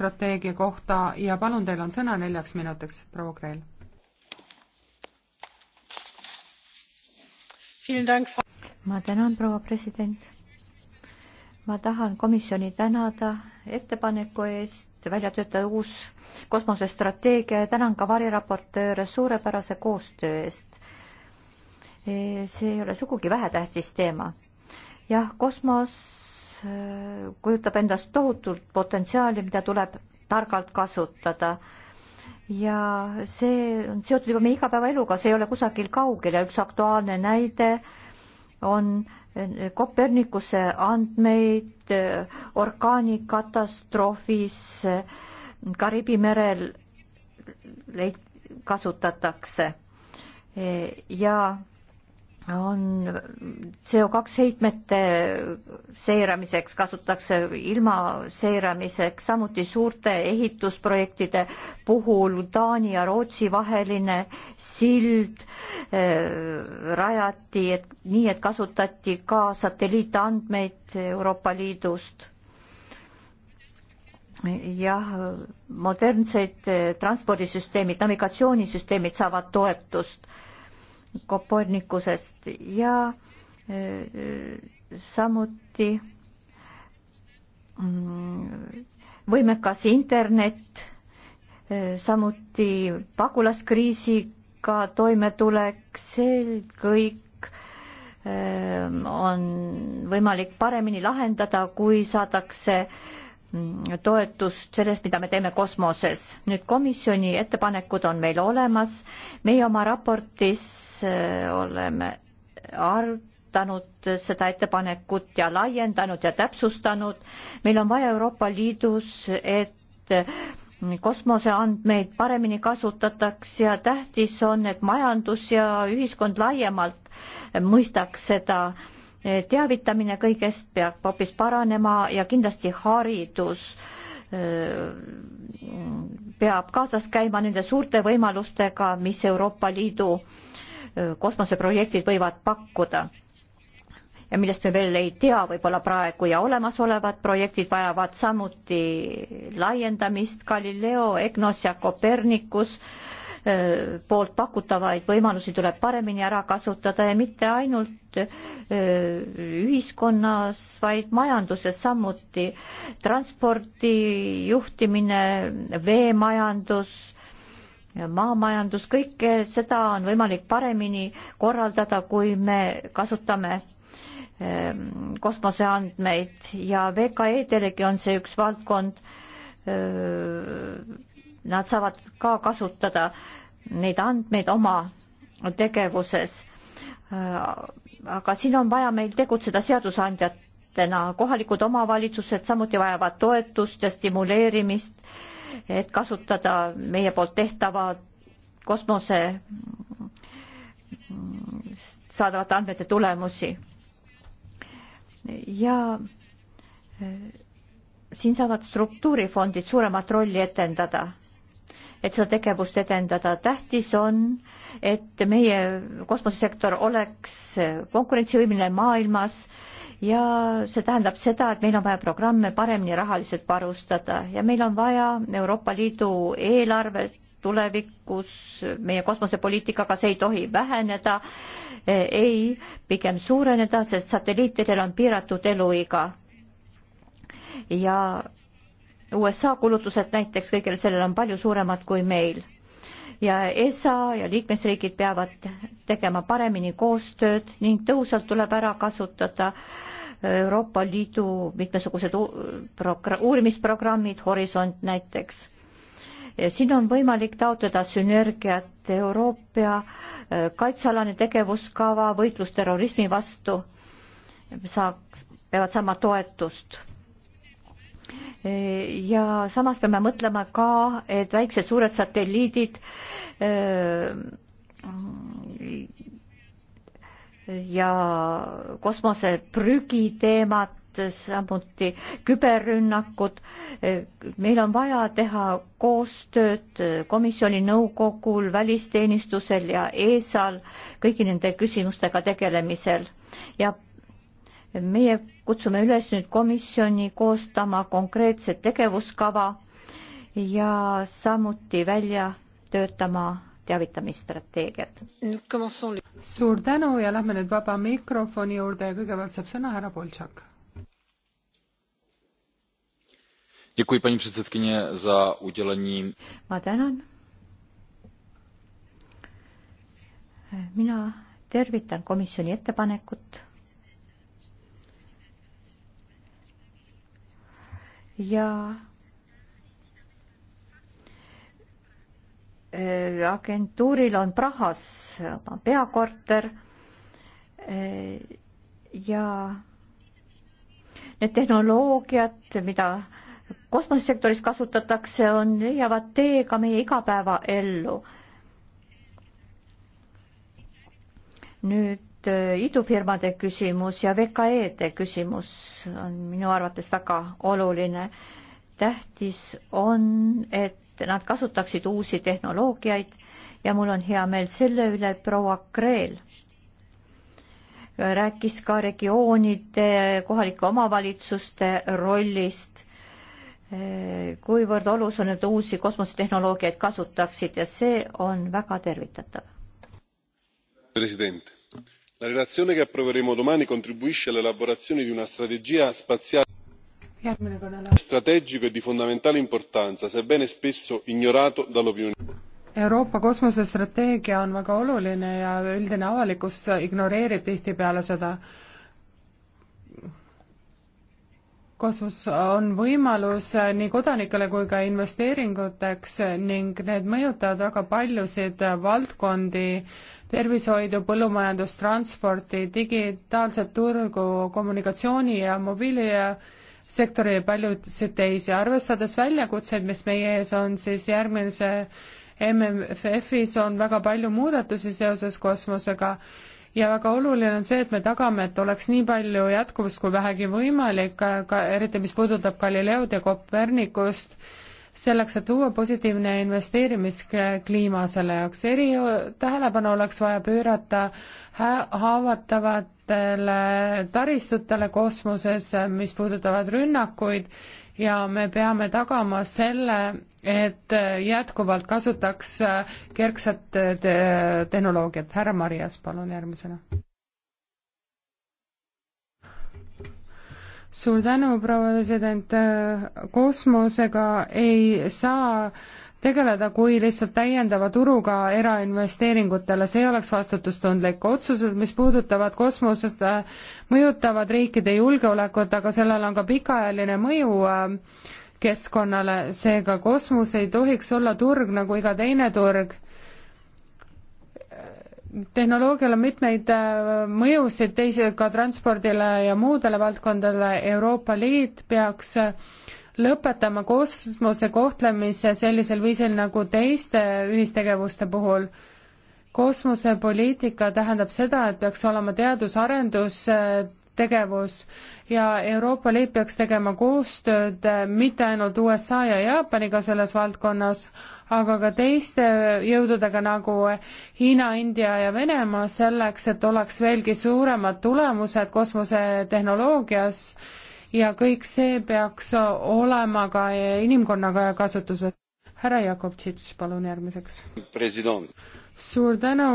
strateegia kohta ja palun, teil on sõna neljaks minutiks, proua Kreel. ma tänan, proua president. ma tahan komisjoni tänada ettepaneku eest välja töötada uus kosmosestrateegia ja tänan ka variraportööre suurepärase koostöö eest. E, see ei ole sugugi vähetähtis teema. jah, kosmos kujutab endast tohutult potentsiaali, mida tuleb targalt kasutada. ja see on seotud juba meie igapäevaeluga, see ei ole kusagil kaugel ja üks aktuaalne näide on eh, Kopernikuse andmeid eh, orkaanikatastroofis eh, Kariibi merel kasutatakse ja on CO2 heitmete seiramiseks, kasutatakse ilma seiramiseks, samuti suurte ehitusprojektide puhul Taani ja Rootsi vaheline sild äh, rajati, et nii, et kasutati ka satelliitandmeid Euroopa Liidust. jah, modernsed eh, transpordisüsteemid, navigatsioonisüsteemid saavad toetust Kopernikusest ja eh, samuti mm, võimekas internet, eh, samuti pagulaskriisiga toimetulek, see kõik eh, on võimalik paremini lahendada, kui saadakse Mm, toetust sellest, mida me teeme kosmoses. nüüd komisjoni ettepanekud on meil olemas, meie oma raportis äh, oleme arutanud seda ettepanekut ja laiendanud ja täpsustanud. meil on vaja Euroopa Liidus, et äh, kosmoseandmeid paremini kasutatakse ja tähtis on, et majandus ja ühiskond laiemalt mõistaks seda äh, teavitamine kõigest peab hoopis paranema ja kindlasti haridus peab kaasas käima nende suurte võimalustega, mis Euroopa Liidu kosmoseprojektid võivad pakkuda ja millest me veel ei tea võib-olla praegu ja olemasolevad projektid vajavad samuti laiendamist, Galileo, EGNOS ja Copernicus äh, Äh, poolt pakutavaid võimalusi tuleb paremini ära kasutada ja mitte ainult äh, ühiskonnas, vaid majanduses samuti. transpordi juhtimine, veemajandus, maamajandus, kõike seda on võimalik paremini korraldada, kui me kasutame ähm, kosmoseandmeid ja VKE-delegi on see üks valdkond äh, nad saavad ka kasutada neid andmeid oma tegevuses. Äh, aga siin on vaja meil tegutseda seadusandjatena, kohalikud omavalitsused samuti vajavad toetust ja stimuleerimist, et kasutada meie poolt tehtava kosmose saadavate andmete tulemusi. ja äh, siin saavad struktuurifondid suuremat rolli etendada et seda tegevust edendada. tähtis on, et meie kosmosesektor oleks konkurentsivõimeline maailmas ja see tähendab seda, et meil on vaja programme paremini rahaliselt varustada ja meil on vaja Euroopa Liidu eelarvet tulevikus, meie kosmosepoliitikaga see ei tohi väheneda, ei, pigem suureneda, sest satelliitidel on piiratud eluiga. ja USA kulutused näiteks kõigele sellele on palju suuremad kui meil. ja ESA ja liikmesriigid peavad tegema paremini koostööd ning tõhusalt tuleb ära kasutada Euroopa Liidu mitmesugused uurimisprogrammid, Horisont näiteks siin on võimalik taotleda sünergiat Euroopa äh, kaitsealane tegevuskava võitlus terrorismi vastu saaks, peavad saama toetust ja samas peame mõtlema ka, et väiksed-suured satelliidid äh, ja kosmoseprügi teemad, samuti küberrünnakud. Äh, meil on vaja teha koostööd komisjoni nõukogul, välisteenistusel ja ESA-l kõigi nende küsimustega tegelemisel ja meie kutsume üles nüüd komisjoni koostama konkreetset tegevuskava ja samuti välja töötama teavitamisstrateegiat. suur tänu ja lähme nüüd vaba mikrofoni juurde ja kõigepealt saab sõna härra Boltšak. ma tänan. mina tervitan komisjoni ettepanekut ja äh, agentuuril on Prahas oma peakorter äh, ja need tehnoloogiad, mida kosmosesektoris kasutatakse, on, leiavad tee ka meie igapäevaellu. nüüd Äh, idufirmade küsimus ja VKE-de küsimus on minu arvates väga oluline. tähtis on, et nad kasutaksid uusi tehnoloogiaid ja mul on hea meel selle üle, et proua Kreel rääkis ka regioonide, kohalike omavalitsuste rollist, äh, kuivõrd olus on, et uusi kosmosetehnoloogiaid kasutaksid ja see on väga tervitatav. president la relazione che approveremo domani contribuisce all'elaborazione di una strategia spaziale strategico e di fondamentale importanza sebbene spesso ignorato dall'opinione pubblica. Euroopa kosmosestrateegia on väga oluline ja üldine avalikkus ignoreerib tihtipeale seda. kosmos on võimalus nii kodanikele kui ka investeeringuteks ning need mõjutavad väga paljusid valdkondi tervishoidu, põllumajandust, transporti, digitaalset turgu, kommunikatsiooni ja mobiilisektori ja paljusid teisi. arvestades väljakutseid, mis meie ees on, siis järgmise MFF-is on väga palju muudatusi seoses kosmosega ja väga oluline on see, et me tagame, et oleks nii palju jätkuvust kui vähegi võimalik, ka eriti mis puudutab Galileod ja Kopernikust selleks, et luua positiivne investeerimiskliima selle jaoks. eri tähelepanu oleks vaja pöörata haavatavatele taristutele kosmoses, mis puudutavad rünnakuid ja me peame tagama selle, et jätkuvalt kasutaks kergset tehnoloogiat. härra Marias, palun järgmisena suur tänu, proua president, kosmosega ei saa tegeleda kui lihtsalt täiendava turuga erainvesteeringutele, see oleks vastutustundlik. otsused, mis puudutavad kosmoset, mõjutavad riikide julgeolekut, aga sellel on ka pikaajaline mõju äh, keskkonnale, seega kosmos ei tohiks olla turg nagu iga teine turg tehnoloogial on mitmeid äh, mõjusid teise ka transpordile ja muudele valdkondadele, Euroopa Liit peaks äh, lõpetama kosmose kohtlemise sellisel viisil nagu teiste ühistegevuste puhul. kosmosepoliitika tähendab seda, et peaks olema teadus-arendus äh, tegevus ja Euroopa Liit peaks tegema koostööd äh, mitte ainult USA ja Jaapaniga selles valdkonnas, aga ka teiste jõududega nagu Hiina, India ja Venemaa selleks, et oleks veelgi suuremad tulemused kosmosetehnoloogias ja kõik see peaks olema ka inimkonnaga kasutuses. härra Jakobtšits, palun järgmiseks. suur tänu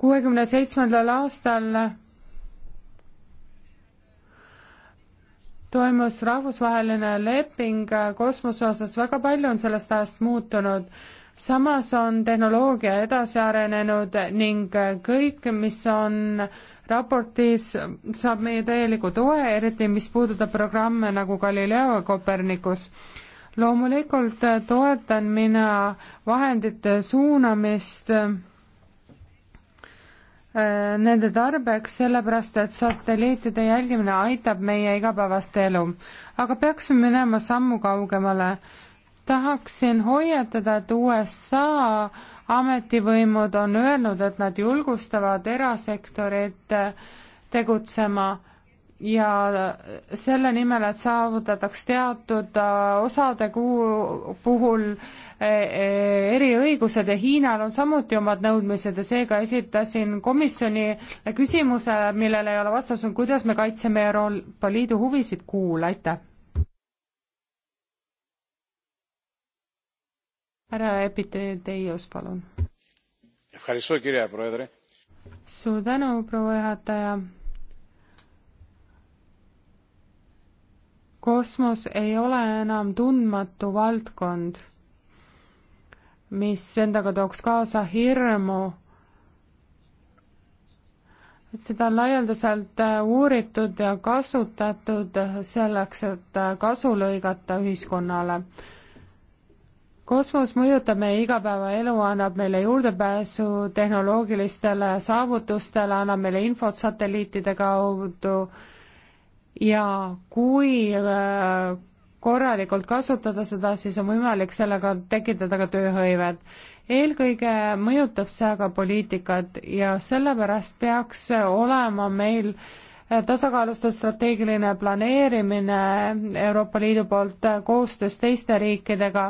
kuuekümne seitsmendal aastal toimus rahvusvaheline leping kosmose osas, väga palju on sellest ajast muutunud. samas on tehnoloogia edasi arenenud ning kõik, mis on raportis, saab meie täieliku toe, eriti mis puudutab programme nagu Galileo ja Copernicus. loomulikult toetan mina vahendite suunamist Äh, nende tarbeks, sellepärast et satelliitide jälgimine aitab meie igapäevast elu. aga peaksime minema sammu kaugemale. tahaksin hoiatada, et USA ametivõimud on öelnud, et nad julgustavad erasektorit äh, tegutsema ja äh, selle nimel, et saavutataks teatud osade kuu puhul äh, Äh, äh, eriõigused ja Hiinal on samuti omad nõudmised ja seega esitasin komisjonile küsimuse, millele ei ole vastus, on kuidas me kaitseme Euroopa Liidu huvisid kuul, aitäh. härra Epiteios, palun. suur tänu, proua juhataja kosmos ei ole enam tundmatu valdkond mis endaga tooks kaasa hirmu. et seda on laialdaselt äh, uuritud ja kasutatud selleks, et äh, kasu lõigata ühiskonnale. kosmos mõjutab meie igapäevaelu, annab meile juurdepääsu tehnoloogilistele saavutustele, annab meile infot satelliitide kaudu ja kui äh, korralikult kasutada seda, siis on võimalik sellega tekitada ka tööhõivet. eelkõige mõjutab see aga poliitikat ja sellepärast peaks olema meil tasakaalustav strateegiline planeerimine Euroopa Liidu poolt koostöös teiste riikidega,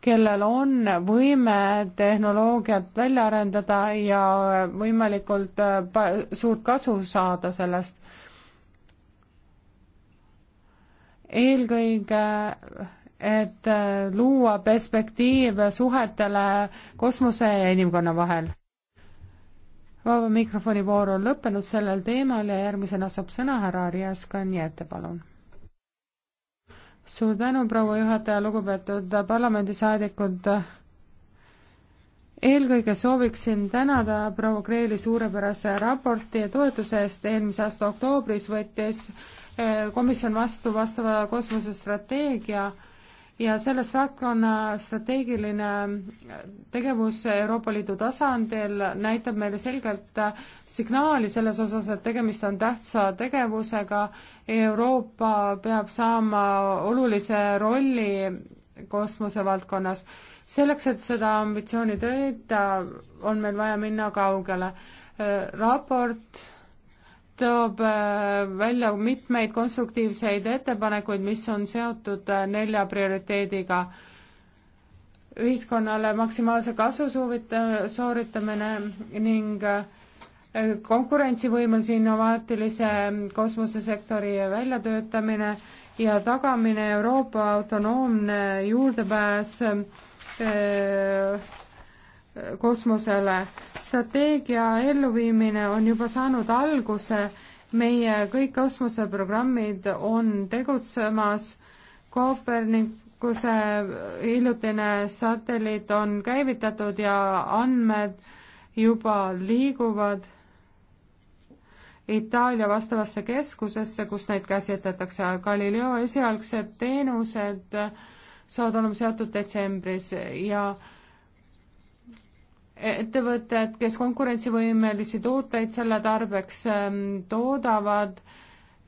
kellel on võime tehnoloogiat välja arendada ja võimalikult suurt kasu saada sellest eelkõige et luua perspektiiv suhetele kosmose ja inimkonna vahel. vaba mikrofoni voor on lõppenud sellel teemal ja järgmisena saab sõna härra Arias Kanjete, palun. suur tänu, proua juhataja, lugupeetud parlamendisaadikud. eelkõige sooviksin tänada proua Kreeli suurepärase raporti ja toetuse eest, eelmise aasta oktoobris võttis komisjon vastu vastava kosmosestrateegia ja selles valdkonna strateegiline tegevus Euroopa Liidu tasandil näitab meile selgelt signaali selles osas, et tegemist on tähtsa tegevusega. Euroopa peab saama olulise rolli kosmosevaldkonnas. selleks, et seda ambitsiooni tõeta, on meil vaja minna kaugele. raport toob äh, välja mitmeid konstruktiivseid ettepanekuid, mis on seotud äh, nelja prioriteediga. ühiskonnale maksimaalse kasu soovita-, sooritamine ning äh, konkurentsivõimelise innovaatilise kosmosesektori väljatöötamine ja tagamine Euroopa autonoomne juurdepääs öö, kosmosele. strateegia elluviimine on juba saanud alguse, meie kõik kosmoseprogrammid on tegutsemas, Kopernikuse hiljutine satelliit on käivitatud ja andmed juba liiguvad Itaalia vastavasse keskusesse, kus neid käsitletakse. Galileo esialgsed teenused saavad olema seatud detsembris ja äh, ettevõtted, kes konkurentsivõimelisi tooteid selle tarbeks ähm, toodavad,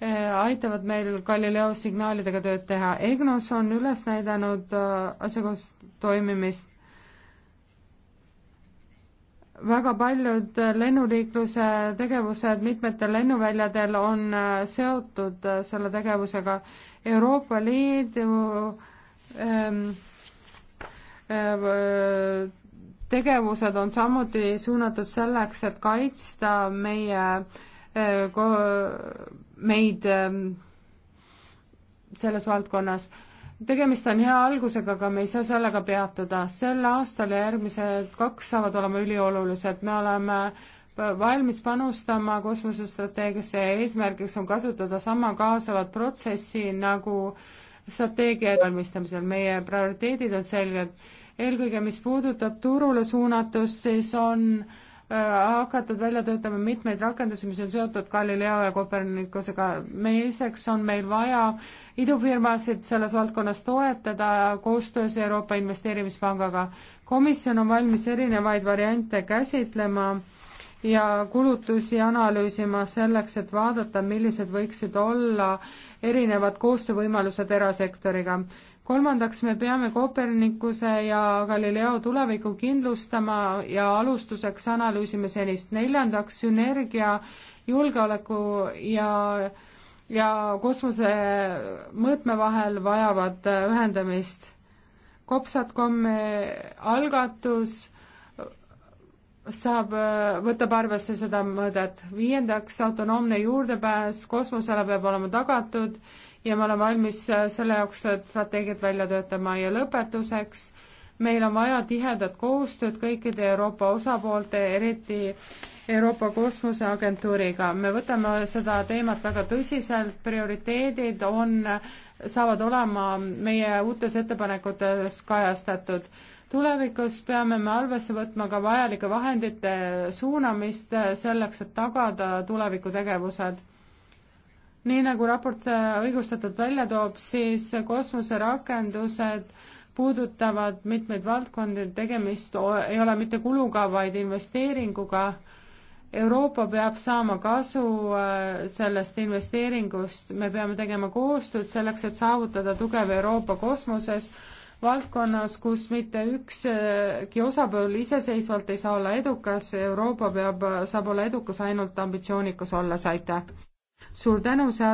äh, aitavad meil Galileo signaalidega tööd teha. EGNOS on üles näidanud äh, asjakohast toimimist. väga paljud lennuliikluse tegevused mitmetel lennuväljadel on äh, seotud selle tegevusega. Euroopa Liidu ähm, tegevused on samuti suunatud selleks, et kaitsta meie, eh, meid eh, selles valdkonnas. tegemist on hea algusega, aga me ei saa sellega peatuda. sel aastal ja järgmised kaks saavad olema üliolulised. me oleme valmis panustama kosmosestrateegiasse ja eesmärgiks on kasutada sama kaasavat protsessi nagu strateegia valmistamisel. meie prioriteedid on selged eelkõige, mis puudutab turule suunatust, siis on äh, hakatud välja töötama mitmeid rakendusi, mis on seotud Galileo ja Kopernikusega. meiseks on meil vaja idufirmasid selles valdkonnas toetada koostöös Euroopa Investeerimispangaga. komisjon on valmis erinevaid variante käsitlema ja kulutusi analüüsima selleks, et vaadata, millised võiksid olla erinevad koostöövõimalused erasektoriga kolmandaks, me peame Kopernikuse ja Galileo tulevikku kindlustama ja alustuseks analüüsime senist. neljandaks, sünergia julgeoleku ja ja kosmose mõõtme vahel vajavad ühendamist. kopsatkom algatus saab, äh, võtab arvesse seda mõõdet. viiendaks, autonoomne juurdepääs kosmosele peab olema tagatud ja me oleme valmis äh, selle jaoks strateegiat välja töötama ja lõpetuseks, meil on vaja tihedat koostööd kõikide Euroopa osapoolte, eriti Euroopa Kosmoseagentuuriga. me võtame seda teemat väga tõsiselt, prioriteedid on, saavad olema meie uutes ettepanekutes kajastatud tulevikus peame me arvesse võtma ka vajalike vahendite suunamist selleks, et tagada tulevikutegevused. nii nagu raport äh, õigustatult välja toob, siis kosmoserakendused puudutavad mitmeid valdkondi, tegemist ei ole mitte kuluga, vaid investeeringuga. Euroopa peab saama kasu äh, sellest investeeringust, me peame tegema koostööd selleks, et saavutada tugev Euroopa kosmoses valdkonnas, kus mitte ükski osapool iseseisvalt ei saa olla edukas, Euroopa peab, saab olla edukas ainult ambitsioonikas olles, aitäh! suur tänu, see arv